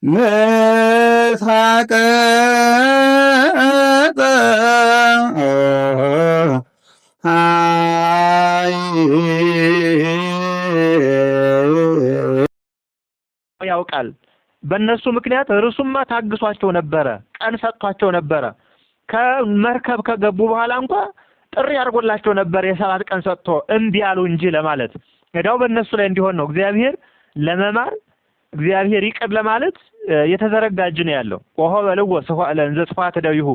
ያውቃል። በእነሱ ምክንያት እርሱማ ታግሷቸው ነበረ፣ ቀን ሰጥቷቸው ነበረ። ከመርከብ ከገቡ በኋላ እንኳ ጥሪ አድርጎላቸው ነበር፣ የሰባት ቀን ሰጥቶ እምቢ አሉ እንጂ ለማለት እዳው በእነሱ ላይ እንዲሆን ነው እግዚአብሔር ለመማር እግዚአብሔር ይቅር ለማለት የተዘረጋ እጅ ነው ያለው። ወሆ በልዎ ለእንዘ ጽፋት ደዊሁ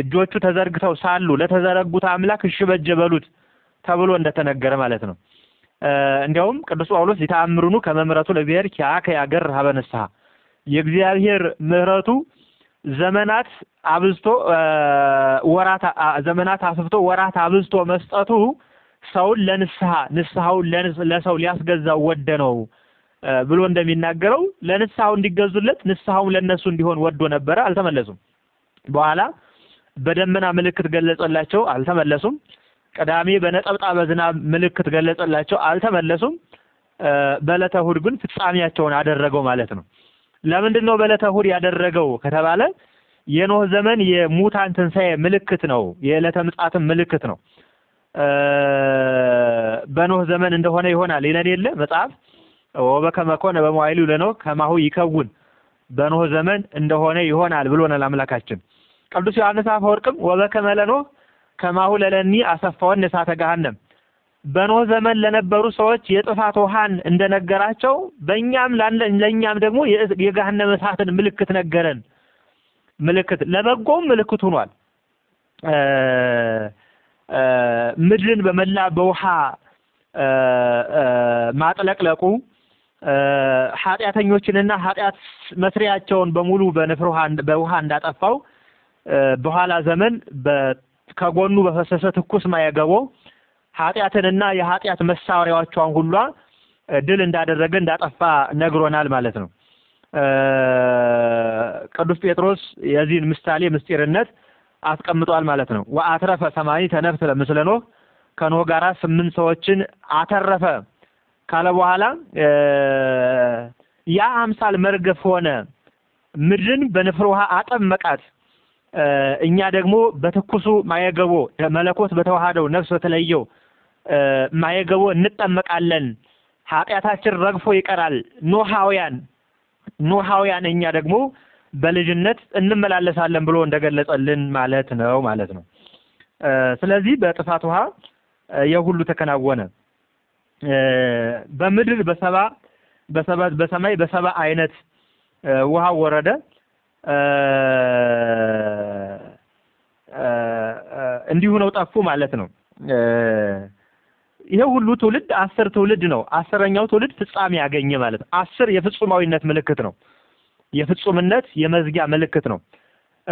እጆቹ ተዘርግተው ሳሉ ለተዘረጉት አምላክ እሺ በጀ በሉት ተብሎ እንደተነገረ ማለት ነው። እንዲያውም ቅዱስ ጳውሎስ ይታምሩኑ ከመምረቱ ለብሔር ኪያከ ያገር ሀበ የእግዚአብሔር ምሕረቱ ዘመናት አብዝቶ ወራት ዘመናት አስፍቶ ወራት አብዝቶ መስጠቱ ሰውን ለንስሐ ንስሐውን ለሰው ሊያስገዛው ወደ ነው ብሎ እንደሚናገረው ለንስሐው እንዲገዙለት ንስሐውም ለነሱ እንዲሆን ወዶ ነበረ። አልተመለሱም። በኋላ በደመና ምልክት ገለጸላቸው። አልተመለሱም። ቅዳሜ በነጠብጣ ዝናብ ምልክት ገለጸላቸው። አልተመለሱም። በዕለተ እሑድ ግን ፍጻሜያቸውን አደረገው ማለት ነው። ለምንድን ነው በዕለተ እሑድ ያደረገው ከተባለ የኖህ ዘመን የሙታን ትንሣኤ ምልክት ነው። የዕለተ ምጽአትም ምልክት ነው። በኖህ ዘመን እንደሆነ ይሆናል ይለን የለ መጽሐፍ ወበከመ ኮነ በመዋዕሉ ለኖህ ከማሁ ይከውን በኖህ ዘመን እንደሆነ ይሆናል ብሎናል አምላካችን። ቅዱስ ዮሐንስ አፈወርቅም ወበከመ ለኖህ ከማሁ ለለኒ አሰፋውን እሳተ ገሃነም በኖህ ዘመን ለነበሩ ሰዎች የጥፋት ውሃን እንደነገራቸው በእኛም ለእኛም ደግሞ የገሃነመ እሳትን ምልክት ነገረን። ምልክት ለበጎም ምልክት ሆኗል። ምድርን በመላ በውሃ ማጥለቅለቁ ኃጢአተኞችንና ኃጢአት መስሪያቸውን በሙሉ በንፍር በውሃ እንዳጠፋው በኋላ ዘመን ከጎኑ በፈሰሰ ትኩስ ማየ ገቦ ኃጢአትንና የኃጢአት መሳሪያዎቿን ሁሏ ድል እንዳደረገ እንዳጠፋ ነግሮናል ማለት ነው። ቅዱስ ጴጥሮስ የዚህን ምሳሌ ምስጢርነት አስቀምጧል ማለት ነው። ወአትረፈ ሰማኒ ተነፍስ ለምስለ ኖህ ከኖህ ጋራ ስምንት ሰዎችን አተረፈ ካለ በኋላ ያ አምሳል መርገፍ ሆነ ምድርን በንፍር ውሃ አጠመቃት። እኛ ደግሞ በትኩሱ ማየገቦ መለኮት በተዋሃደው ነፍስ በተለየው ማየገቦ እንጠመቃለን። ኃጢአታችን ረግፎ ይቀራል። ኖሃውያን ኖሃውያን እኛ ደግሞ በልጅነት እንመላለሳለን ብሎ እንደገለጸልን ማለት ነው ማለት ነው። ስለዚህ በጥፋት ውሃ የሁሉ ተከናወነ። በምድር በሰባ በሰባ በሰማይ በሰባ አይነት ውሃ ወረደ። እንዲሁ ነው ጠፉ ማለት ነው። ይሄ ሁሉ ትውልድ አስር ትውልድ ነው። አስረኛው ትውልድ ፍጻሜ ያገኘ ማለት አስር የፍጹማዊነት ምልክት ነው። የፍጹምነት የመዝጊያ ምልክት ነው።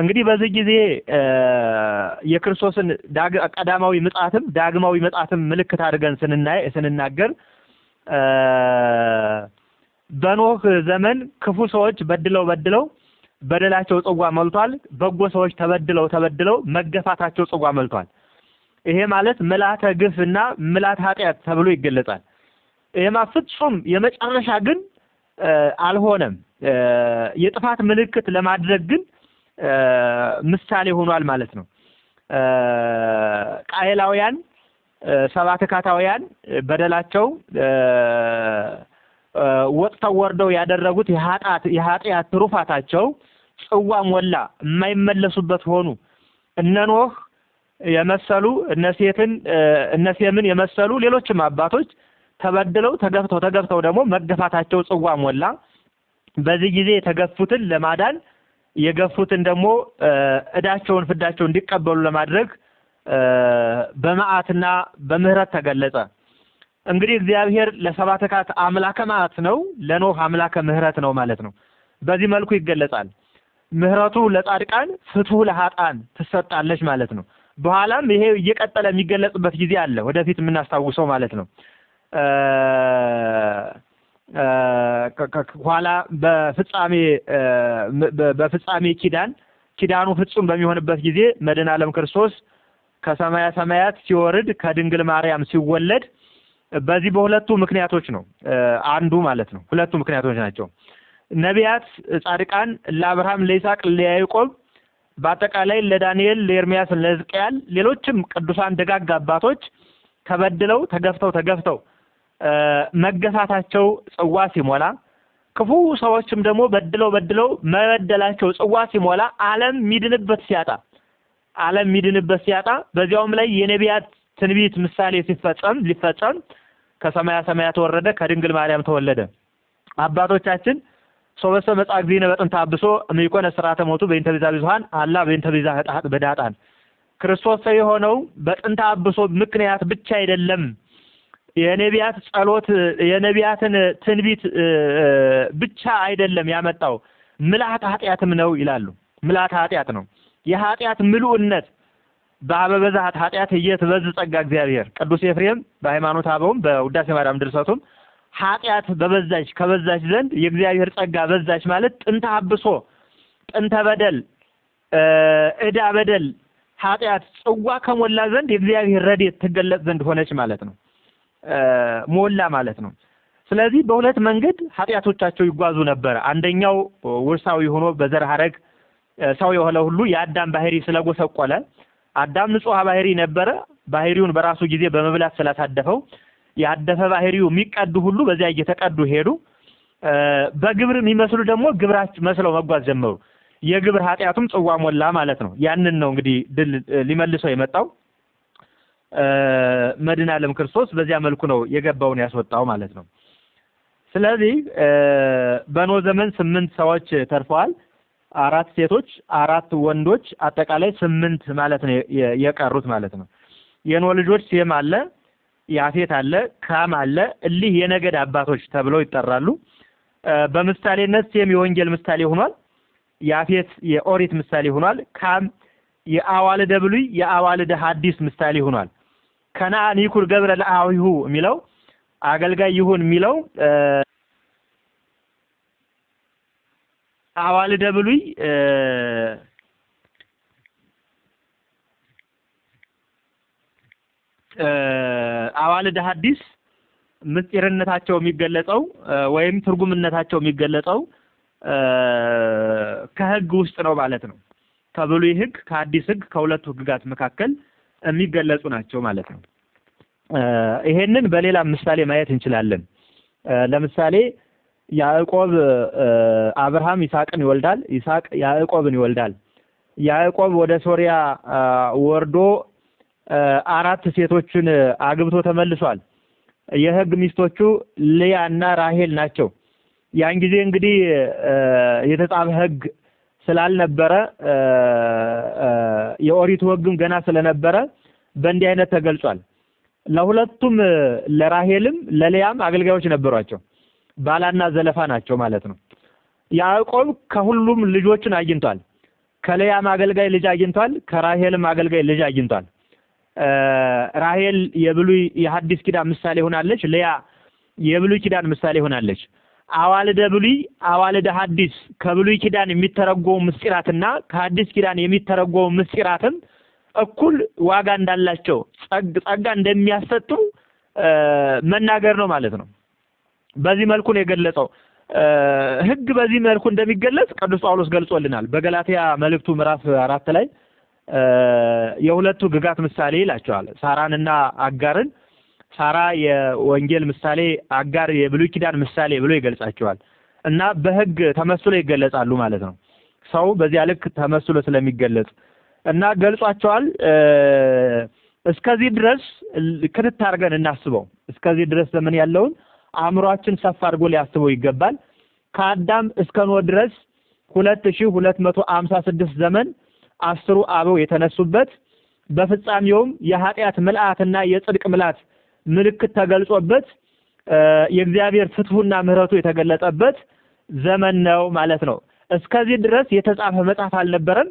እንግዲህ በዚህ ጊዜ የክርስቶስን ቀዳማዊ ምጣትም ዳግማዊ ምጣትም ምልክት አድርገን ስንናይ ስንናገር በኖህ ዘመን ክፉ ሰዎች በድለው በድለው በደላቸው ጽዋ መልቷል። በጎ ሰዎች ተበድለው ተበድለው መገፋታቸው ጽዋ መልቷል። ይሄ ማለት ምላተ ግፍ እና ምላተ ኃጢአት ተብሎ ይገለጻል። ይሄማ ፍጹም የመጨረሻ ግን አልሆነም። የጥፋት ምልክት ለማድረግ ግን ምሳሌ ሆኗል ማለት ነው። ቃየላውያን ሰባ ካታውያን በደላቸው ወጥተው ወርደው ያደረጉት የኃጢአት የኃጢአት ትሩፋታቸው ጽዋ ሞላ፣ የማይመለሱበት ሆኑ። እነ ኖህ የመሰሉ እነ ሴትን እነ ሴምን የመሰሉ ሌሎችም አባቶች ተበድለው ተገፍተው ተገፍተው ደግሞ መገፋታቸው ጽዋ ሞላ። በዚህ ጊዜ የተገፉትን ለማዳን የገፉትን ደግሞ እዳቸውን ፍዳቸው እንዲቀበሉ ለማድረግ በመዓትና በምህረት ተገለጸ። እንግዲህ እግዚአብሔር ለሰባተካት አምላከ መዓት ነው፣ ለኖህ አምላከ ምህረት ነው ማለት ነው። በዚህ መልኩ ይገለጻል። ምህረቱ ለጻድቃን ፍትሁ ለሀጣን ትሰጣለች ማለት ነው። በኋላም ይሄ እየቀጠለ የሚገለጽበት ጊዜ አለ፣ ወደፊት የምናስታውሰው ማለት ነው። ኋላ በፍጻሜ በፍጻሜ ኪዳን ኪዳኑ ፍጹም በሚሆንበት ጊዜ መድኃኔ ዓለም ክርስቶስ ከሰማያ ሰማያት ሲወርድ ከድንግል ማርያም ሲወለድ በዚህ በሁለቱ ምክንያቶች ነው። አንዱ ማለት ነው። ሁለቱ ምክንያቶች ናቸው። ነቢያት፣ ጻድቃን ለአብርሃም፣ ለይስሐቅ፣ ለያዕቆብ በአጠቃላይ ለዳንኤል፣ ለኤርሚያስ፣ ለሕዝቅኤል ሌሎችም ቅዱሳን ደጋግ አባቶች ተበድለው ተገፍተው ተገፍተው መገፋታቸው ጽዋ ሲሞላ ክፉ ሰዎችም ደግሞ በድለው በድለው መበደላቸው ጽዋ ሲሞላ ዓለም ሚድንበት ሲያጣ ዓለም ሚድንበት ሲያጣ በዚያውም ላይ የነቢያት ትንቢት ምሳሌ ሲፈጸም ሊፈጸም ከሰማያ ሰማያ ተወረደ ከድንግል ማርያም ተወለደ። አባቶቻችን ሶበሰ መጻእ ጊዜነ በጥንተ አብሶ እምይኮነ ስርዓተ ሞቱ በእንተ ቤዛ ብዙኃን አላ በእንተ ቤዛ በዳጣን ክርስቶስ ሰው የሆነው በጥንተ አብሶ ምክንያት ብቻ አይደለም የነቢያት ጸሎት የነቢያትን ትንቢት ብቻ አይደለም ያመጣው ምልአት ኃጢአትም ነው ይላሉ። ምልአት ኃጢአት ነው። የኃጢአት ምሉእነት በአበበዛት ኃጢአት እየትበዝ ጸጋ እግዚአብሔር ቅዱስ ኤፍሬም በሃይማኖት አበውም በውዳሴ ማርያም ድርሰቱም ኃጢአት በበዛች ከበዛች ዘንድ የእግዚአብሔር ጸጋ በዛች ማለት ጥንተ አብሶ ጥንተ በደል እዳ በደል ኃጢአት ጽዋ ከሞላ ዘንድ የእግዚአብሔር ረድኤት ትገለጽ ዘንድ ሆነች ማለት ነው። ሞላ ማለት ነው። ስለዚህ በሁለት መንገድ ኃጢአቶቻቸው ይጓዙ ነበረ። አንደኛው ውርሳዊ ሆኖ በዘር ሐረግ ሰው የሆነ ሁሉ የአዳም ባህሪ ስለጎሰቆለ አዳም ንጹሕ ባህሪ ነበረ። ባህሪውን በራሱ ጊዜ በመብላት ስላሳደፈው ያደፈ ባህሪው የሚቀዱ ሁሉ በዚያ እየተቀዱ ሄዱ። በግብር የሚመስሉ ደግሞ ግብራች መስለው መጓዝ ጀመሩ። የግብር ኃጢአቱም ጽዋ ሞላ ማለት ነው። ያንን ነው እንግዲህ ድል ሊመልሰው የመጣው። መድን ዓለም ክርስቶስ በዚያ መልኩ ነው የገባውን ያስወጣው ማለት ነው። ስለዚህ በኖ ዘመን ስምንት ሰዎች ተርፈዋል። አራት ሴቶች፣ አራት ወንዶች፣ አጠቃላይ ስምንት ማለት ነው የቀሩት ማለት ነው። የኖ ልጆች ሴም አለ፣ ያፌት አለ፣ ካም አለ። እሊህ የነገድ አባቶች ተብለው ይጠራሉ። በምሳሌነት ሴም የወንጌል ምሳሌ ሆኗል። ያፌት የኦሪት ምሳሌ ሆኗል። ካም የአዋልደ ብሉይ የአዋልደ ሐዲስ ምሳሌ ሆኗል። ከነአን ይኩር ገብረ ለአዊሁ የሚለው አገልጋይ ይሁን የሚለው አዋልደ ደብሉይ አዋልድ ሐዲስ ምስጢርነታቸው የሚገለጸው ወይም ትርጉምነታቸው የሚገለጸው ከህግ ውስጥ ነው ማለት ነው። ከብሉይ ህግ፣ ከአዲስ ህግ፣ ከሁለቱ ህግጋት መካከል የሚገለጹ ናቸው ማለት ነው። ይሄንን በሌላ ምሳሌ ማየት እንችላለን። ለምሳሌ ያዕቆብ አብርሃም ይስሐቅን ይወልዳል፣ ይስሐቅ ያዕቆብን ይወልዳል። ያዕቆብ ወደ ሶሪያ ወርዶ አራት ሴቶችን አግብቶ ተመልሷል። የህግ ሚስቶቹ እና ራሄል ናቸው። ያን ጊዜ እንግዲህ የተጻፈ ህግ። ስላልነበረ የኦሪቱ ህግም ገና ስለነበረ በእንዲህ አይነት ተገልጿል። ለሁለቱም ለራሄልም ለሊያም አገልጋዮች ነበሯቸው። ባላና ዘለፋ ናቸው ማለት ነው። ያዕቆብ ከሁሉም ልጆችን አግኝቷል። ከሊያም አገልጋይ ልጅ አግኝቷል። ከራሄልም አገልጋይ ልጅ አግኝቷል። ራሄል የብሉይ የሐዲስ ኪዳን ምሳሌ ሆናለች። ለያ የብሉይ ኪዳን ምሳሌ ሆናለች። አዋልደ ብሉይ አዋልደ ሐዲስ ከብሉይ ኪዳን የሚተረጎሙ ምስጢራትና ከሐዲስ ኪዳን የሚተረጎሙ ምስጢራትም እኩል ዋጋ እንዳላቸው ጸጋ እንደሚያሰጡ መናገር ነው ማለት ነው። በዚህ መልኩ ነው የገለጸው። ህግ በዚህ መልኩ እንደሚገለጽ ቅዱስ ጳውሎስ ገልጾልናል። በገላትያ መልእክቱ ምዕራፍ አራት ላይ የሁለቱ ግጋት ምሳሌ ይላቸዋል። ሳራንና አጋርን ሳራ የወንጌል ምሳሌ፣ አጋር የብሉይ ኪዳን ምሳሌ ብሎ ይገልጻቸዋል እና በህግ ተመስሎ ይገለጻሉ ማለት ነው። ሰው በዚያ ልክ ተመስሎ ስለሚገለጽ እና ገልጿቸዋል። እስከዚህ ድረስ ክትት አድርገን እናስበው። እስከዚህ ድረስ ዘመን ያለውን አእምሯችን ሰፋ አድርጎ ሊያስበው ይገባል። ከአዳም እስከ ኖህ ድረስ ሁለት ሺህ ሁለት መቶ አምሳ ስድስት ዘመን አስሩ አበው የተነሱበት በፍጻሜውም የኃጢአት ምልአትና የጽድቅ ምልአት ምልክት ተገልጾበት የእግዚአብሔር ፍትሁና ምሕረቱ የተገለጠበት ዘመን ነው ማለት ነው። እስከዚህ ድረስ የተጻፈ መጽሐፍ አልነበረም።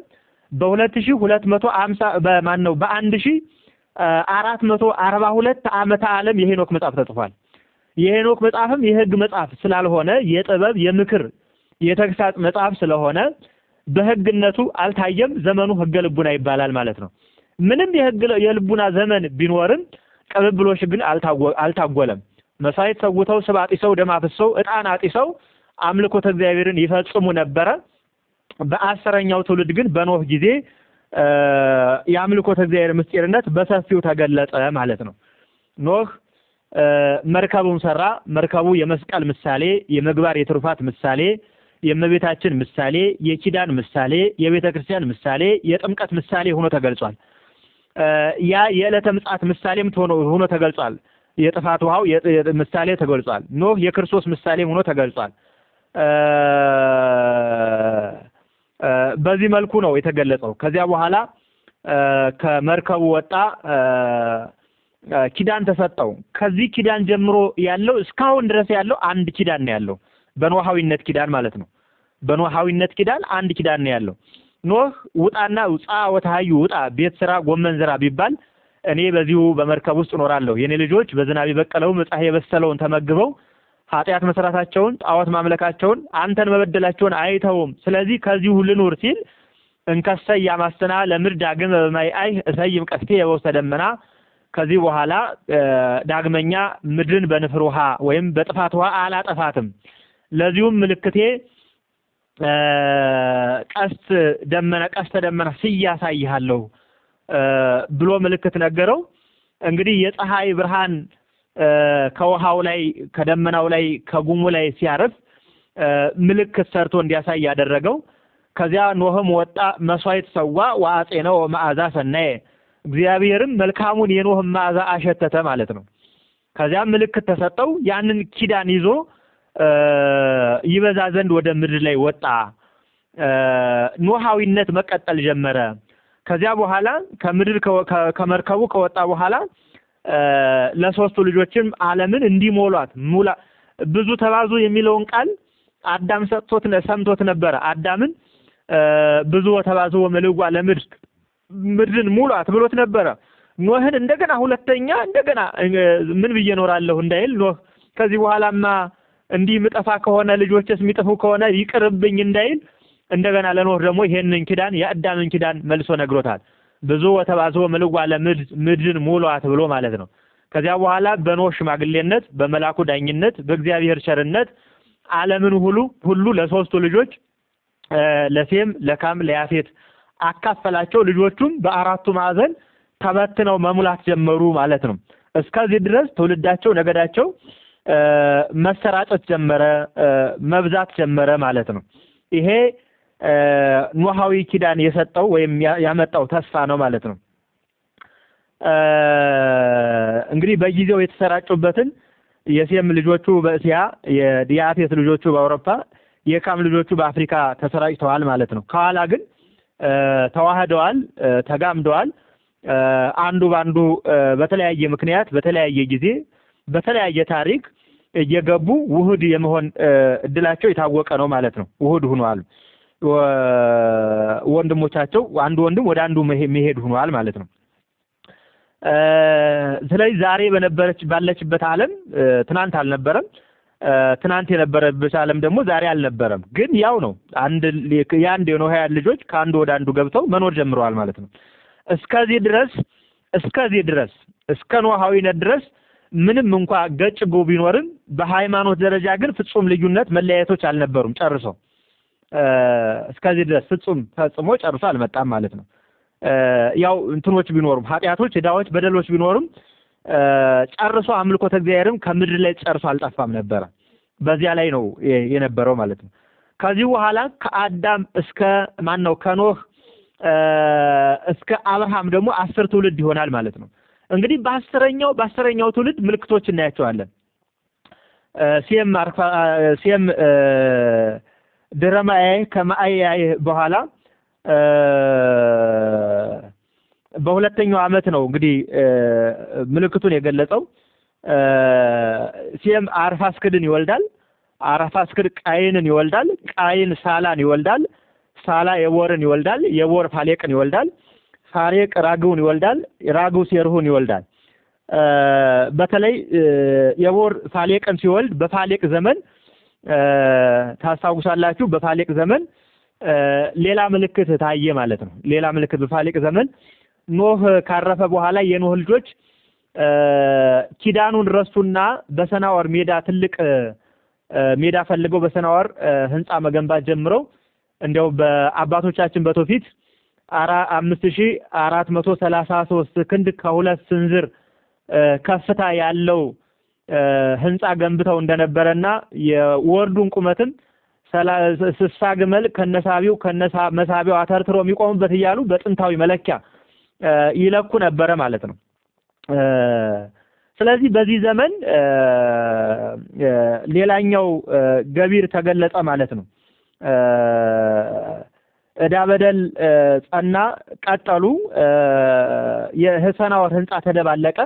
በ2250 በማን ነው በ1442 ዓመተ ዓለም የሄኖክ መጽሐፍ ተጽፏል። የሄኖክ መጽሐፍም የህግ መጽሐፍ ስላልሆነ የጥበብ የምክር የተግሳጽ መጽሐፍ ስለሆነ በህግነቱ አልታየም። ዘመኑ ህገ ልቡና ይባላል ማለት ነው። ምንም የህግ የልቡና ዘመን ቢኖርም ቅብብሎሽ ግን አልታጎለም። መሥዋዕት ሰውተው ስብ አጢሰው ደም አፍሰው አጢሰው አምልኮተ እግዚአብሔርን ይፈጽሙ ነበረ። በአስረኛው ትውልድ ግን በኖህ ጊዜ የአምልኮተ እግዚአብሔር ምስጢርነት በሰፊው ተገለጸ ማለት ነው። ኖህ መርከቡን ሰራ። መርከቡ የመስቀል ምሳሌ፣ የመግባር የትሩፋት ምሳሌ፣ የእመቤታችን ምሳሌ፣ የኪዳን ምሳሌ፣ የቤተ ክርስቲያን ምሳሌ፣ የጥምቀት ምሳሌ ሆኖ ተገልጿል። ያ የዕለተ ምጽአት ምሳሌም ሆኖ ተገልጿል። የጥፋት ውሃው ምሳሌ ተገልጿል። ኖህ የክርስቶስ ምሳሌም ሆኖ ተገልጿል። በዚህ መልኩ ነው የተገለጸው። ከዚያ በኋላ ከመርከቡ ወጣ፣ ኪዳን ተሰጠው። ከዚህ ኪዳን ጀምሮ ያለው እስካሁን ድረስ ያለው አንድ ኪዳን ነው ያለው፣ በኖሃዊነት ኪዳን ማለት ነው። በኖሃዊነት ኪዳን አንድ ኪዳን ነው ያለው። ኖህ ውጣና ውፃ ወተሃዩ ውጣ ቤት ስራ ጎመን ዝራ ቢባል እኔ በዚሁ በመርከብ ውስጥ እኖራለሁ፣ የኔ ልጆች በዝናብ የበቀለውን በፀሐይ የበሰለውን ተመግበው ኃጢአት መሰራታቸውን ጣዖት ማምለካቸውን አንተን መበደላቸውን አይተውም። ስለዚህ ከዚሁ ልኑር ሲል እንከሰይ ያማስና ለምድር ዳግም በማይ አይ እሰይም ቀስቴ የበውሰ ደመና። ከዚህ በኋላ ዳግመኛ ምድርን በንፍር ውሃ ወይም በጥፋት ውሃ አላጠፋትም። ለዚሁም ምልክቴ ቀስት ደመና ቀስተ ደመና ስያሳይሃለሁ ብሎ ምልክት ነገረው። እንግዲህ የፀሐይ ብርሃን ከውሃው ላይ ከደመናው ላይ ከጉሙ ላይ ሲያርፍ ምልክት ሰርቶ እንዲያሳይ ያደረገው። ከዚያ ኖህም ወጣ መስዋዕት ሰዋ ነው መዓዛ ሰናየ እግዚአብሔርም መልካሙን የኖህ መዓዛ አሸተተ ማለት ነው። ከዚያ ምልክት ተሰጠው። ያንን ኪዳን ይዞ ይበዛ ዘንድ ወደ ምድር ላይ ወጣ። ኖሃዊነት መቀጠል ጀመረ። ከዚያ በኋላ ከምድር ከመርከቡ ከወጣ በኋላ ለሶስቱ ልጆችም ዓለምን እንዲሞሏት ሙላ ብዙ ተባዙ የሚለውን ቃል አዳም ሰጥቶት ሰምቶት ነበረ። አዳምን ብዙ ተባዙ ወመልዋ ለምድር ምድርን ሙሏት ብሎት ነበረ። ኖህን እንደገና ሁለተኛ እንደገና ምን ብዬ እኖራለሁ እንዳይል ኖህ ከዚህ በኋላማ እንዲህ ምጠፋ ከሆነ ልጆችስ የሚጠፉ ከሆነ ይቅርብኝ እንዳይል እንደገና ለኖህ ደግሞ ይሄንን ኪዳን የአዳምን ኪዳን መልሶ ነግሮታል። ብዙ ወተባዝቦ ምልዋ ምድርን ሙሏት ብሎ ማለት ነው። ከዚያ በኋላ በኖህ ሽማግሌነት፣ በመላኩ ዳኝነት፣ በእግዚአብሔር ቸርነት ዓለምን ሁሉ ሁሉ ለሶስቱ ልጆች ለሴም፣ ለካም፣ ለያፌት አካፈላቸው። ልጆቹም በአራቱ ማዕዘን ተበትነው መሙላት ጀመሩ ማለት ነው። እስከዚህ ድረስ ትውልዳቸው ነገዳቸው መሰራጨት ጀመረ፣ መብዛት ጀመረ ማለት ነው። ይሄ ኖሃዊ ኪዳን የሰጠው ወይም ያመጣው ተስፋ ነው ማለት ነው። እንግዲህ በጊዜው የተሰራጩበትን የሴም ልጆቹ በእስያ፣ የዲያፌት ልጆቹ በአውሮፓ፣ የካም ልጆቹ በአፍሪካ ተሰራጭተዋል ማለት ነው። ከኋላ ግን ተዋህደዋል፣ ተጋምደዋል። አንዱ በአንዱ በተለያየ ምክንያት በተለያየ ጊዜ በተለያየ ታሪክ እየገቡ ውህድ የመሆን እድላቸው የታወቀ ነው ማለት ነው። ውህድ ሁኗል ወንድሞቻቸው፣ አንድ ወንድም ወደ አንዱ መሄድ ሁኗል ማለት ነው። ስለዚህ ዛሬ በነበረች ባለችበት ዓለም ትናንት አልነበረም። ትናንት የነበረበት ዓለም ደግሞ ዛሬ አልነበረም። ግን ያው ነው። አንድ የአንድ የኖህ ልጆች ከአንዱ ወደ አንዱ ገብተው መኖር ጀምረዋል ማለት ነው። እስከዚህ ድረስ እስከዚህ ድረስ እስከ ኖሃዊነት ድረስ ምንም እንኳ ገጭጎ ቢኖርም በሃይማኖት ደረጃ ግን ፍጹም ልዩነት መለያየቶች አልነበሩም። ጨርሶ እስከዚህ ድረስ ፍጹም ፈጽሞ ጨርሶ አልመጣም ማለት ነው። ያው እንትኖች ቢኖሩም ኃጢአቶች፣ ዕዳዎች፣ በደሎች ቢኖሩም ጨርሶ አምልኮተ እግዚአብሔርም ከምድር ላይ ጨርሶ አልጠፋም ነበረ። በዚያ ላይ ነው የነበረው ማለት ነው። ከዚህ በኋላ ከአዳም እስከ ማን ነው ከኖህ እስከ አብርሃም ደግሞ አስር ትውልድ ይሆናል ማለት ነው። እንግዲህ በአስረኛው በአስረኛው ትውልድ ምልክቶች እናያቸዋለን። ሲም ሲም ድረማዬ በኋላ በሁለተኛው ዓመት ነው እንግዲህ ምልክቱን የገለጸው። ሲም አርፋስክድን ይወልዳል። አርፋስክድ ቃይንን ይወልዳል። ቃይን ሳላን ይወልዳል። ሳላ የቦርን ይወልዳል። የቦር ፋሌቅን ይወልዳል። ሳሬቅ ራግውን ይወልዳል። ራጉ ሴርሁን ይወልዳል። በተለይ የቦር ፋሌቅን ሲወልድ በፋሌቅ ዘመን ታስታውሳላችሁ። በፋሌቅ ዘመን ሌላ ምልክት ታየ ማለት ነው። ሌላ ምልክት በፋሌቅ ዘመን ኖህ ካረፈ በኋላ የኖህ ልጆች ኪዳኑን ረሱና በሰናወር ሜዳ ትልቅ ሜዳ ፈልገው በሰናወር ህንፃ መገንባት ጀምረው እንዲያው በአባቶቻችን በቶፊት አምስት ሺህ አራት መቶ ሰላሳ ሶስት ክንድ ከሁለት ስንዝር ከፍታ ያለው ህንፃ ገንብተው እንደነበረና የወርዱን ቁመትም ስሳ ግመል ከነሳቢው መሳቢያው አተርትሮ የሚቆሙበት እያሉ በጥንታዊ መለኪያ ይለኩ ነበረ ማለት ነው። ስለዚህ በዚህ ዘመን ሌላኛው ገቢር ተገለጸ ማለት ነው። እዳ በደል ጸና፣ ቀጠሉ። የህሰናወር ህንፃ ተደባለቀ።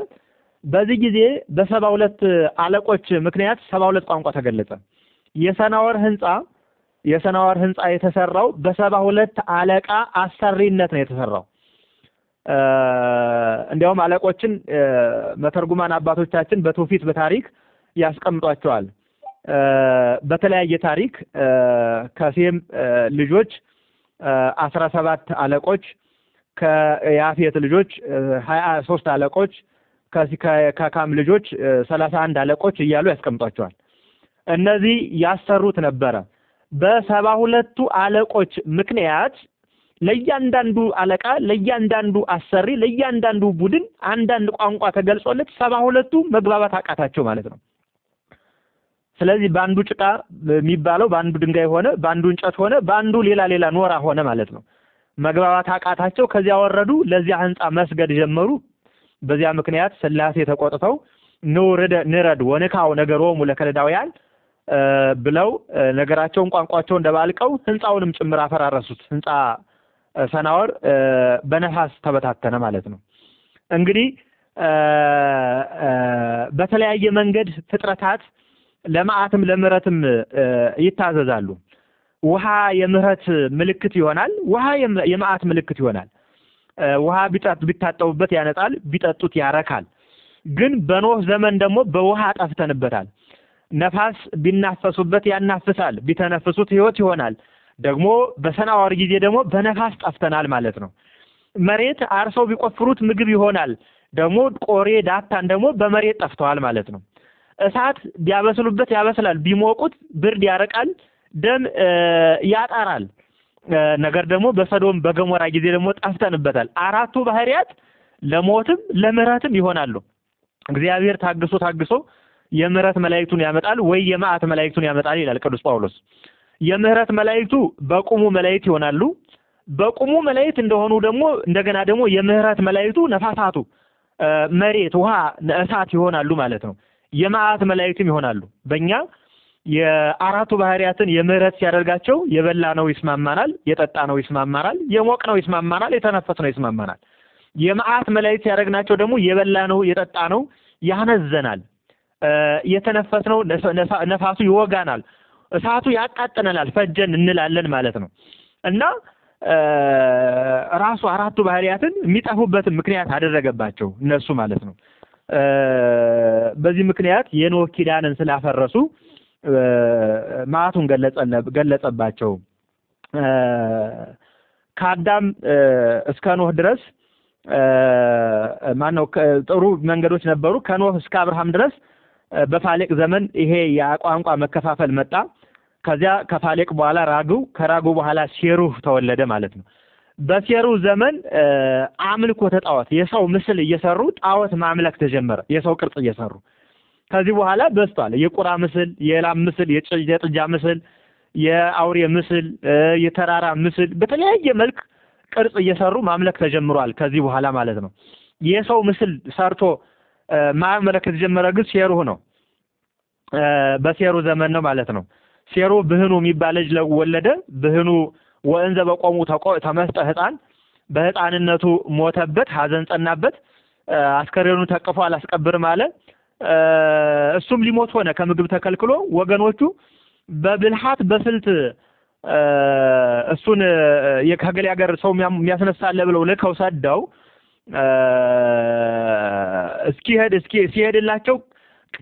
በዚህ ጊዜ በሰባ ሁለት አለቆች ምክንያት ሰባ ሁለት ቋንቋ ተገለጸ። የሰናወር ህንፃ የሰናወር ህንፃ የተሰራው በሰባ ሁለት አለቃ አሰሪነት ነው የተሰራው። እንዲያውም አለቆችን መተርጉማን አባቶቻችን በትውፊት በታሪክ ያስቀምጧቸዋል። በተለያየ ታሪክ ከሴም ልጆች አስራ ሰባት አለቆች ከያፌት ልጆች ሀያ ሶስት አለቆች ከካም ልጆች ሰላሳ አንድ አለቆች እያሉ ያስቀምጧቸዋል። እነዚህ ያሰሩት ነበረ። በሰባ ሁለቱ አለቆች ምክንያት ለእያንዳንዱ አለቃ ለእያንዳንዱ አሰሪ ለእያንዳንዱ ቡድን አንዳንድ ቋንቋ ተገልጾለት ሰባ ሁለቱ መግባባት አቃታቸው ማለት ነው። ስለዚህ በአንዱ ጭቃ የሚባለው በአንዱ ድንጋይ ሆነ፣ በአንዱ እንጨት ሆነ፣ በአንዱ ሌላ ሌላ ኖራ ሆነ ማለት ነው። መግባባት አቃታቸው። ከዚያ ወረዱ፣ ለዚያ ህንፃ መስገድ ጀመሩ። በዚያ ምክንያት ስላሴ ተቆጥተው ንረድ ወንካው ነገሮሙ ለከለዳውያን ብለው ነገራቸውን ቋንቋቸውን ደባልቀው ህንፃውንም ጭምር አፈራረሱት። ህንፃ ሰናወር በነፋስ ተበታተነ ማለት ነው። እንግዲህ በተለያየ መንገድ ፍጥረታት ለመዓትም ለምህረትም ይታዘዛሉ። ውሃ የምህረት ምልክት ይሆናል። ውሃ የመዓት ምልክት ይሆናል። ውሃ ቢታጠቡበት ያነጻል፣ ቢጠጡት ያረካል። ግን በኖህ ዘመን ደግሞ በውሃ ጠፍተንበታል። ነፋስ ቢናፈሱበት ያናፍሳል፣ ቢተነፍሱት ህይወት ይሆናል። ደግሞ በሰናዋር ጊዜ ደግሞ በነፋስ ጠፍተናል ማለት ነው። መሬት አርሰው ቢቆፍሩት ምግብ ይሆናል። ደግሞ ቆሬ ዳታን ደግሞ በመሬት ጠፍተዋል ማለት ነው። እሳት ቢያበስሉበት ያበስላል፣ ቢሞቁት ብርድ ያረቃል፣ ደም ያጠራል ነገር ደግሞ በሰዶም በገሞራ ጊዜ ደግሞ ጠፍተንበታል። አራቱ ባህሪያት ለሞትም ለምህረትም ይሆናሉ። እግዚአብሔር ታግሶ ታግሶ የምህረት መላእክቱን ያመጣል ወይ የመዓት መላእክቱን ያመጣል ይላል ቅዱስ ጳውሎስ። የምህረት መላእክቱ በቁሙ መላእክት ይሆናሉ። በቁሙ መላእክት እንደሆኑ ደግሞ እንደገና ደግሞ የምህረት መላእክቱ ነፋሳቱ፣ መሬት፣ ውሃ፣ እሳት ይሆናሉ ማለት ነው። የመዓት መላእክትም ይሆናሉ። በእኛ የአራቱ ባህሪያትን የምህረት ሲያደርጋቸው የበላ ነው ይስማማናል፣ የጠጣ ነው ይስማማናል፣ የሞቅ ነው ይስማማናል፣ የተነፈስ ነው ይስማማናል። የመዓት መላእክት ሲያደርግናቸው ደግሞ የበላ ነው የጠጣ ነው ያነዘናል፣ የተነፈስ ነው ነፋሱ ይወጋናል፣ እሳቱ ያቃጥነናል፣ ፈጀን እንላለን ማለት ነው እና ራሱ አራቱ ባህሪያትን የሚጠፉበትን ምክንያት አደረገባቸው እነሱ ማለት ነው። በዚህ ምክንያት የኖህ ኪዳንን ስላፈረሱ መዓቱን ገለጸባቸው። ከአዳም እስከ ኖህ ድረስ ማነው ጥሩ መንገዶች ነበሩ። ከኖህ እስከ አብርሃም ድረስ በፋሌቅ ዘመን ይሄ የቋንቋ መከፋፈል መጣ። ከዚያ ከፋሌቅ በኋላ ራጉ፣ ከራጉ በኋላ ሴሩህ ተወለደ ማለት ነው። በሴሩ ዘመን አምልኮተ ጣዖት የሰው ምስል እየሰሩ ጣዖት ማምለክ ተጀመረ። የሰው ቅርጽ እየሰሩ ከዚህ በኋላ በዝቷል። የቁራ ምስል፣ የላም ምስል፣ የጥጃ ምስል፣ የአውሬ ምስል፣ የተራራ ምስል በተለያየ መልክ ቅርጽ እየሰሩ ማምለክ ተጀምሯል። ከዚህ በኋላ ማለት ነው። የሰው ምስል ሰርቶ ማምለክ የተጀመረ ግን ሴሩህ ነው። በሴሩ ዘመን ነው ማለት ነው። ሴሩ ብህኑ የሚባል ልጅ ወለደ። ብህኑ ወእንዘ በቆሙ ተመስጠ ህፃን በህፃንነቱ ሞተበት፣ ሀዘን ጸናበት። አስከሬኑን ተቅፎ አላስቀብርም አለ። እሱም ሊሞት ሆነ ከምግብ ተከልክሎ። ወገኖቹ በብልሃት በስልት እሱን ከገሌ ሀገር ሰው የሚያስነሳለ ብለው ልከው ሰደው እስኪሄድ እስኪ ሲሄድላቸው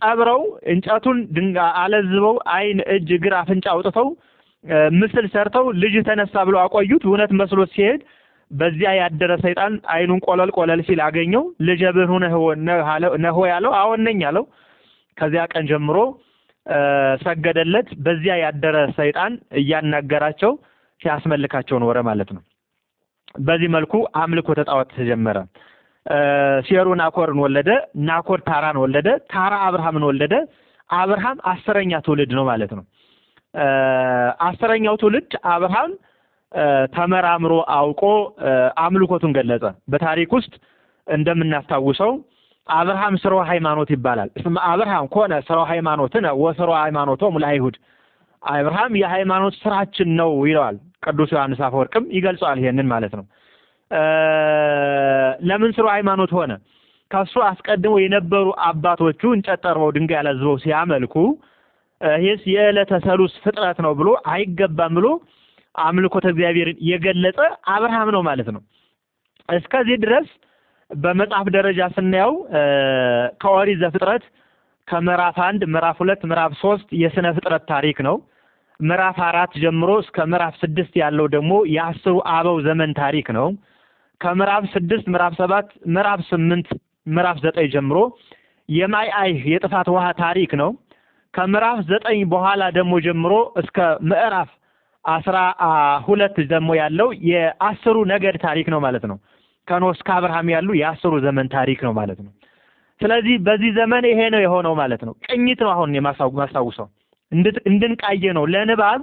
ቀብረው እንጨቱን አለዝበው አይን፣ እጅ፣ እግር፣ አፍንጫ አውጥተው ምስል ሰርተው ልጅ ተነሳ ብለው አቆዩት። እውነት መስሎት ሲሄድ በዚያ ያደረ ሰይጣን አይኑን ቆለል ቆለል ሲል አገኘው። ልጅ ብን ነሆ ያለው አዎን ነኝ አለው። ከዚያ ቀን ጀምሮ ሰገደለት። በዚያ ያደረ ሰይጣን እያናገራቸው ሲያስመልካቸው ኖረ ማለት ነው። በዚህ መልኩ አምልኮ ተጣዖት ተጀመረ። ሴሩ ናኮርን ወለደ። ናኮር ታራን ወለደ። ታራ አብርሃምን ወለደ። አብርሃም አስረኛ ትውልድ ነው ማለት ነው። አስረኛው ትውልድ አብርሃም ተመራምሮ አውቆ አምልኮቱን ገለጸ። በታሪክ ውስጥ እንደምናስታውሰው አብርሃም ስርወ ሃይማኖት ይባላል። እስመ አብርሃም ኮነ ስርወ ሃይማኖትነ ወስርወ ሃይማኖቶሙ ለአይሁድ አብርሃም የሃይማኖት ስራችን ነው ይለዋል ቅዱስ ዮሐንስ አፈወርቅም ይገልጸዋል። ይሄንን ማለት ነው። ለምን ስርወ ሃይማኖት ሆነ? ከሱ አስቀድሞ የነበሩ አባቶቹ እንጨት ጠርበው ድንጋይ ያለዝበው ሲያመልኩ ይህስ የዕለተ ሰሉስ ፍጥረት ነው ብሎ አይገባም ብሎ አምልኮተ እግዚአብሔርን የገለጸ አብርሃም ነው ማለት ነው። እስከዚህ ድረስ በመጽሐፍ ደረጃ ስናየው ከኦሪት ዘፍጥረት ከምዕራፍ አንድ ምዕራፍ ሁለት ምዕራፍ ሶስት የስነ ፍጥረት ታሪክ ነው። ምዕራፍ አራት ጀምሮ እስከ ምዕራፍ ስድስት ያለው ደግሞ የአስሩ አበው ዘመን ታሪክ ነው። ከምዕራፍ ስድስት ምዕራፍ ሰባት ምዕራፍ ስምንት ምዕራፍ ዘጠኝ ጀምሮ የማይ አይህ የጥፋት ውሃ ታሪክ ነው። ከምዕራፍ ዘጠኝ በኋላ ደግሞ ጀምሮ እስከ ምዕራፍ አስራ ሁለት ደግሞ ያለው የአስሩ ነገድ ታሪክ ነው ማለት ነው። ከኖህ እስከ አብርሃም ያሉ የአስሩ ዘመን ታሪክ ነው ማለት ነው። ስለዚህ በዚህ ዘመን ይሄ ነው የሆነው ማለት ነው። ቅኝት ነው አሁን የማስታውሰው እንድንቃየ ነው ለንባብ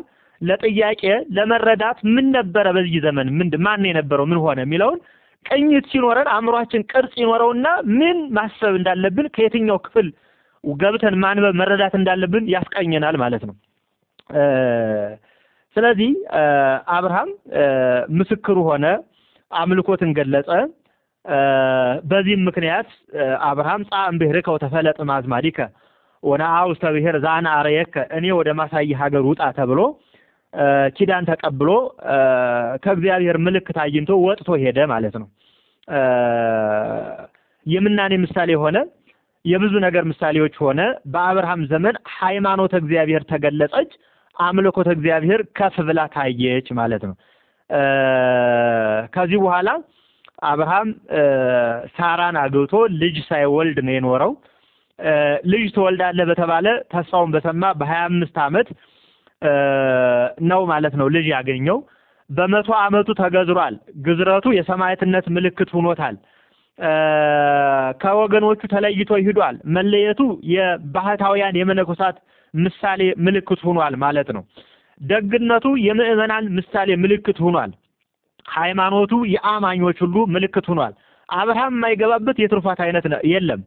ለጥያቄ ለመረዳት ምን ነበረ በዚህ ዘመን ምን ማን የነበረው ምን ሆነ የሚለውን ቅኝት ሲኖረን አእምሯችን ቅርጽ ይኖረውና ምን ማሰብ እንዳለብን ከየትኛው ክፍል ገብተን ማንበብ መረዳት እንዳለብን ያስቀኘናል ማለት ነው። ስለዚህ አብርሃም ምስክሩ ሆነ፣ አምልኮትን ገለጸ። በዚህም ምክንያት አብርሃም ጻዕም ብሔርከ ወተፈለጥ ማዝማዲከ ወነአውስተ ብሔር ዛና አረየከ እኔ ወደ ማሳይ ሀገር ውጣ ተብሎ ኪዳን ተቀብሎ ከእግዚአብሔር ምልክት አግኝቶ ወጥቶ ሄደ ማለት ነው። የምናኔ ምሳሌ ሆነ። የብዙ ነገር ምሳሌዎች ሆነ። በአብርሃም ዘመን ሃይማኖተ እግዚአብሔር ተገለጸች፣ አምልኮተ እግዚአብሔር ከፍ ብላ ታየች ማለት ነው። ከዚህ በኋላ አብርሃም ሳራን አግብቶ ልጅ ሳይወልድ ነው የኖረው። ልጅ ትወልዳለህ በተባለ ተስፋውን በሰማ በሀያ አምስት ዓመት ነው ማለት ነው ልጅ ያገኘው። በመቶ ዓመቱ ተገዝሯል። ግዝረቱ የሰማዕትነት ምልክት ሆኖታል። ከወገኖቹ ተለይቶ ሂዷል። መለየቱ የባህታውያን የመነኮሳት ምሳሌ ምልክት ሆኗል ማለት ነው። ደግነቱ የምዕመናን ምሳሌ ምልክት ሆኗል። ሃይማኖቱ የአማኞች ሁሉ ምልክት ሆኗል። አብርሃም የማይገባበት የትሩፋት አይነት የለም።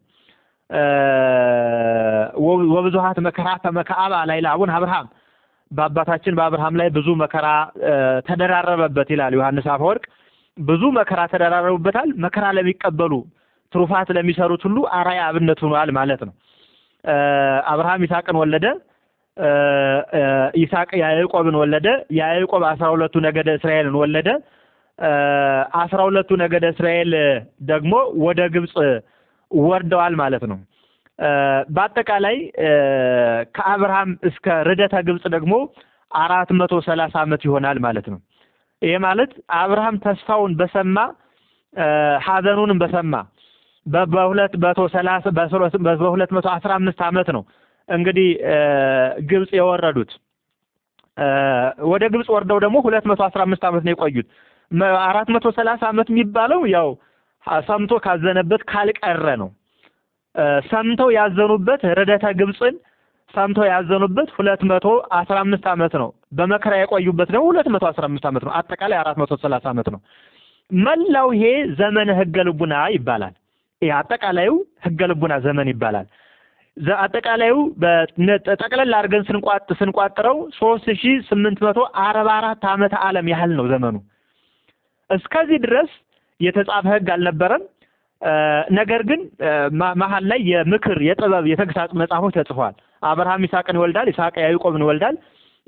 ወብዙሃት መከራ ከመከአብ ላይ አብርሃም በአባታችን በአብርሃም ላይ ብዙ መከራ ተደራረበበት ይላል ዮሐንስ አፈወርቅ። ብዙ መከራ ተደራረቡበታል። መከራ ለሚቀበሉ ትሩፋት ለሚሰሩት ሁሉ አራያ አብነት ሆኗል ማለት ነው። አብርሃም ይስሐቅን ወለደ። ይስሐቅ ያዕቆብን ወለደ። ያዕቆብ አስራ ሁለቱ ነገደ እስራኤልን ወለደ። አስራ ሁለቱ ነገደ እስራኤል ደግሞ ወደ ግብፅ ወርደዋል ማለት ነው። በአጠቃላይ ከአብርሃም እስከ ርደተ ግብፅ ደግሞ አራት መቶ ሰላሳ ዓመት ይሆናል ማለት ነው። ይሄ ማለት አብርሃም ተስፋውን በሰማ ሐዘኑንም በሰማ በሁለት መቶ ሰላሳ በሁለት መቶ አስራ አምስት ዓመት ነው እንግዲህ ግብፅ የወረዱት። ወደ ግብፅ ወርደው ደግሞ ሁለት መቶ አስራ አምስት ዓመት ነው የቆዩት። አራት መቶ ሰላሳ ዓመት የሚባለው ያው ሰምቶ ካዘነበት ካልቀረ ነው። ሰምተው ያዘኑበት ርደተ ግብፅን ጸንተው ያዘኑበት ሁለት መቶ አስራ አምስት ዓመት ነው። በመከራ የቆዩበት ደግሞ ሁለት መቶ አስራ አምስት ዓመት ነው። አጠቃላይ አራት መቶ ሰላሳ ዓመት ነው። መላው ይሄ ዘመነ ህገ ልቡና ይባላል። ይሄ አጠቃላዩ ህገ ልቡና ዘመን ይባላል። አጠቃላዩ ጠቅለል አድርገን ስንቋጥ ስንቋጥረው ሶስት ሺ ስምንት መቶ አርባ አራት ዓመተ ዓለም ያህል ነው ዘመኑ። እስከዚህ ድረስ የተጻፈ ህግ አልነበረም። ነገር ግን መሀል ላይ የምክር የጥበብ የተግሳጽ መጽሐፎች ተጽፏል። አብርሃም ይስሐቅን ይወልዳል፣ ይስሐቅ ያዕቆብን ይወልዳል፣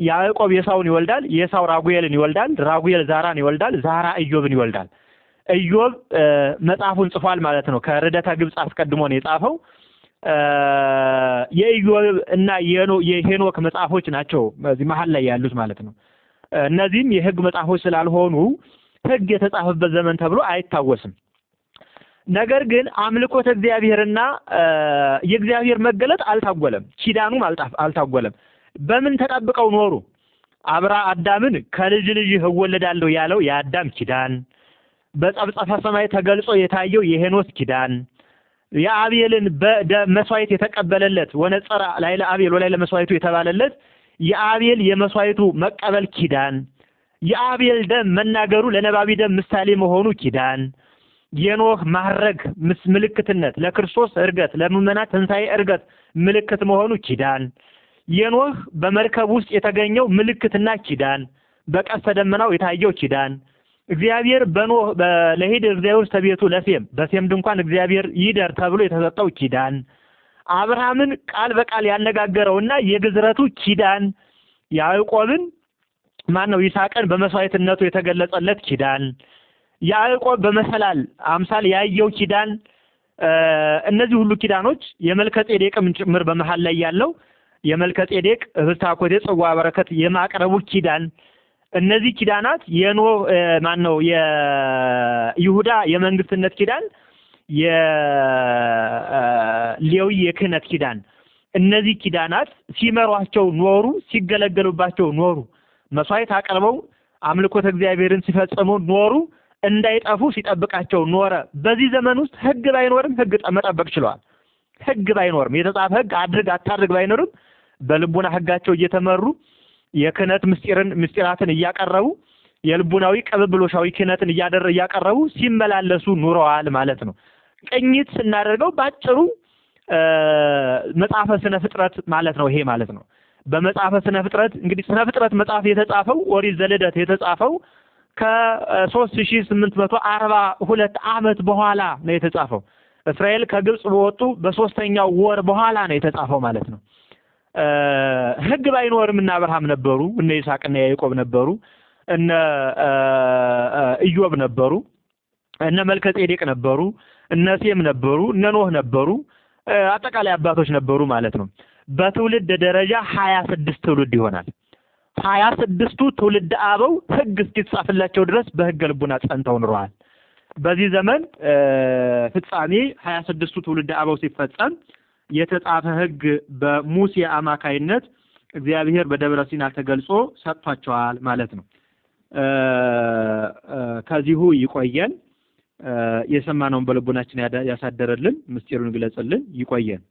ያዕቆብ የሳውን ይወልዳል፣ የሳው ራጉኤልን ይወልዳል፣ ራጉኤል ዛራን ይወልዳል፣ ዛራ ኢዮብን ይወልዳል። ኢዮብ መጽሐፉን ጽፏል ማለት ነው። ከርደተ ግብፅ አስቀድሞ ነው የጻፈው። የኢዮብ እና የሄኖክ መጽሐፎች ናቸው በዚህ መሀል ላይ ያሉት ማለት ነው። እነዚህም የህግ መጽሐፎች ስላልሆኑ ህግ የተጻፈበት ዘመን ተብሎ አይታወስም። ነገር ግን አምልኮተ እግዚአብሔርና የእግዚአብሔር መገለጥ አልታጎለም፣ ኪዳኑም አልታጎለም። በምን ተጠብቀው ኖሩ? አብራ አዳምን ከልጅ ልጅ እወለዳለሁ ያለው የአዳም ኪዳን፣ በጸብጸፈ ሰማይ ተገልጾ የታየው የሄኖስ ኪዳን፣ የአቤልን መስዋዕት የተቀበለለት ወነጸራ ላይ ለአቤል ወላይ መስዋዕቱ የተባለለት የአቤል የመስዋዕቱ መቀበል ኪዳን፣ የአቤል ደም መናገሩ ለነባቢ ደም ምሳሌ መሆኑ ኪዳን የኖህ ማረግ ምልክትነት ለክርስቶስ እርገት ለምእመናት ትንሣኤ እርገት ምልክት መሆኑ ኪዳን የኖህ በመርከብ ውስጥ የተገኘው ምልክትና ኪዳን በቀስተ ደመናው የታየው ኪዳን እግዚአብሔር በኖህ ለሄድ እግዚአብሔር ውስተ ቤቱ ለሴም በሴም ድንኳን እግዚአብሔር ይደር ተብሎ የተሰጠው ኪዳን አብርሃምን ቃል በቃል ያነጋገረውና የግዝረቱ ኪዳን ያዕቆብን ማን ነው ይስሐቅን በመስዋዕትነቱ የተገለጸለት ኪዳን ያዕቆብ በመሰላል አምሳል ያየው ኪዳን እነዚህ ሁሉ ኪዳኖች የመልከ ጼዴቅም ጭምር በመሃል ላይ ያለው የመልከ ጼዴቅ ህብስተ አኮቴ ጽዋ በረከት የማቅረቡ ኪዳን እነዚህ ኪዳናት የኖ ማን ነው የይሁዳ የመንግስትነት ኪዳን የሌዊ የክህነት ኪዳን እነዚህ ኪዳናት ሲመሯቸው ኖሩ ሲገለገሉባቸው ኖሩ መስዋዕት አቅርበው አምልኮተ እግዚአብሔርን ሲፈጽሙ ኖሩ እንዳይጠፉ ሲጠብቃቸው ኖረ። በዚህ ዘመን ውስጥ ህግ ባይኖርም ህግ መጠበቅ ችለዋል። ህግ ባይኖርም የተጻፈ ህግ አድርግ አታድርግ ባይኖርም በልቡና ህጋቸው እየተመሩ የክህነት ምስጢርን ምስጢራትን እያቀረቡ የልቡናዊ ቅብብሎሻዊ ክህነትን እያደረ እያቀረቡ ሲመላለሱ ኑረዋል ማለት ነው። ቅኝት ስናደርገው ባጭሩ መጽሐፈ ስነ ፍጥረት ማለት ነው። ይሄ ማለት ነው። በመጽሐፈ ስነ ፍጥረት እንግዲህ ስነ ፍጥረት መጽሐፍ የተጻፈው ኦሪት ዘልደት የተጻፈው ከሶስት ሺህ ስምንት መቶ አርባ ሁለት ዓመት በኋላ ነው የተጻፈው። እስራኤል ከግብፅ በወጡ በሶስተኛው ወር በኋላ ነው የተጻፈው ማለት ነው። ህግ ባይኖርም እነ አብርሃም ነበሩ፣ እነ ይስሐቅና ያዕቆብ ነበሩ፣ እነ ኢዮብ ነበሩ፣ እነ መልከ ጼዴቅ ነበሩ፣ እነ ሴም ነበሩ፣ እነ ኖህ ነበሩ። አጠቃላይ አባቶች ነበሩ ማለት ነው። በትውልድ ደረጃ ሀያ ስድስት ትውልድ ይሆናል። ሀያ ስድስቱ ትውልድ አበው ህግ እስኪጻፍላቸው ድረስ በህገ ልቡና ጸንተው ኑረዋል። በዚህ ዘመን ፍጻሜ ሀያ ስድስቱ ትውልድ አበው ሲፈጸም የተጻፈ ህግ በሙሴ አማካይነት እግዚአብሔር በደብረ ሲና ተገልጾ ሰጥቷቸዋል ማለት ነው። ከዚሁ ይቆየን። የሰማነውን በልቡናችን ያሳደረልን ምስጢሩን ግለጽልን። ይቆየን።